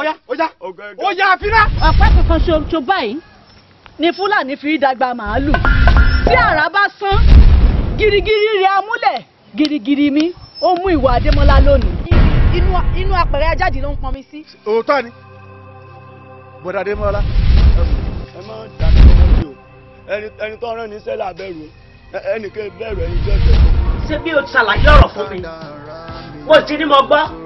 ọ̀yá ọ̀yá ọ̀yá àfínà. ọ̀pá kankan ṣoṣo báyìí ni fúlàní fi dàgbà màálù tí àrá bá sán girigiri rẹ̀ amúlẹ̀ girigiri mi ó mú ìwà adémọlá lónìí. inú apẹ̀rẹ̀ ajáde ló ń pọn sí. òótọ́ ni bọ̀dà adémọlá ẹ má dàbí ọmọ mi o ẹni tó rán ni sẹ́là bẹ̀rù ẹnì kan bẹ̀rù ẹni tó ẹ̀jẹ̀. ṣé bí o ṣàlàyé ọ̀rọ̀ fún mi mo ti ní mo gbọ́.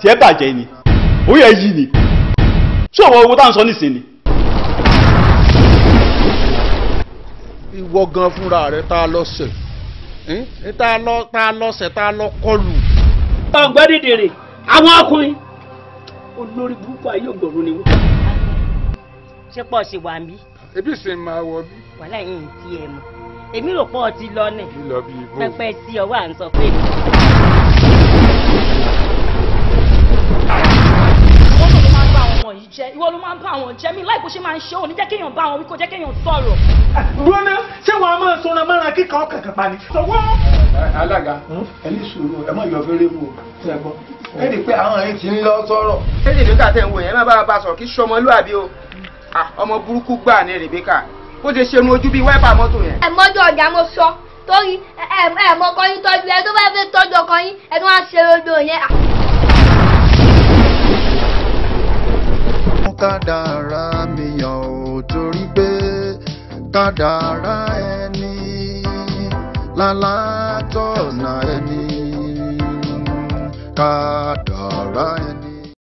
tiẹ̀ bàjẹ́ ni òun yẹ yí ni ṣé ọ̀wọ́ owó tá à ń sọ nísìnyí ni. ìwọ gan fúnra rẹ tá a lọ sẹ tá a lọ tá a lọ sẹ tá a lọ kọlù. ọ̀gbẹ́ni dèrè àwọn ọkùnrin olórí burúkú ayé ògbòrò ni wọ́n. ṣé pọ̀ ṣe wà mí. ebi ṣe máa wọ bí. wàhálà yìí ń kí ẹ mọ̀ èmi rò pọ̀ ti lọ nẹ̀ pẹpẹ sí ọwọ́ à ń sọ pé wọ́n tó ló máa ń bá àwọn ọmọ yìí jẹ́ ìwọ ló máa ń bá àwọn jẹ́ mi láì bó ṣe máa ń ṣe òní jẹ́ kéèyàn bá àwọn wí kó jẹ́ kéèyàn sọ̀rọ̀. gbóná ah, ṣé wàá máa sọ̀rọ̀ mára kíkà ọkàn kan pani. sọ̀wọ́. Eh, alága hmm? ẹni sùúrù ẹ má yọ fẹ́rẹ́ mu o ẹ rí i pé àwọn ẹni tí ń lọ sọ̀rọ̀. ẹ lè nígbà tẹ̀ ń wò yẹn má bá a sọ̀rọ̀ kí sọmọlúàbí o ah, ọmọ burúkú gbà ní Rebecca bó ṣe ṣe ojú bíi wáìpà mọ́tò yẹn. ẹ mọ́jọ ọ̀gá mo sọ torí ẹ ẹ mọ yín tọ́jú ẹ tó bá fẹ́ tọ́jú ọkọ yín ẹ tó wá ṣe rodo yẹn. Ah. kádàrá mi yàn ò torí pé kádàrá ẹni lálátọ̀nà ẹni kádàrá ẹni.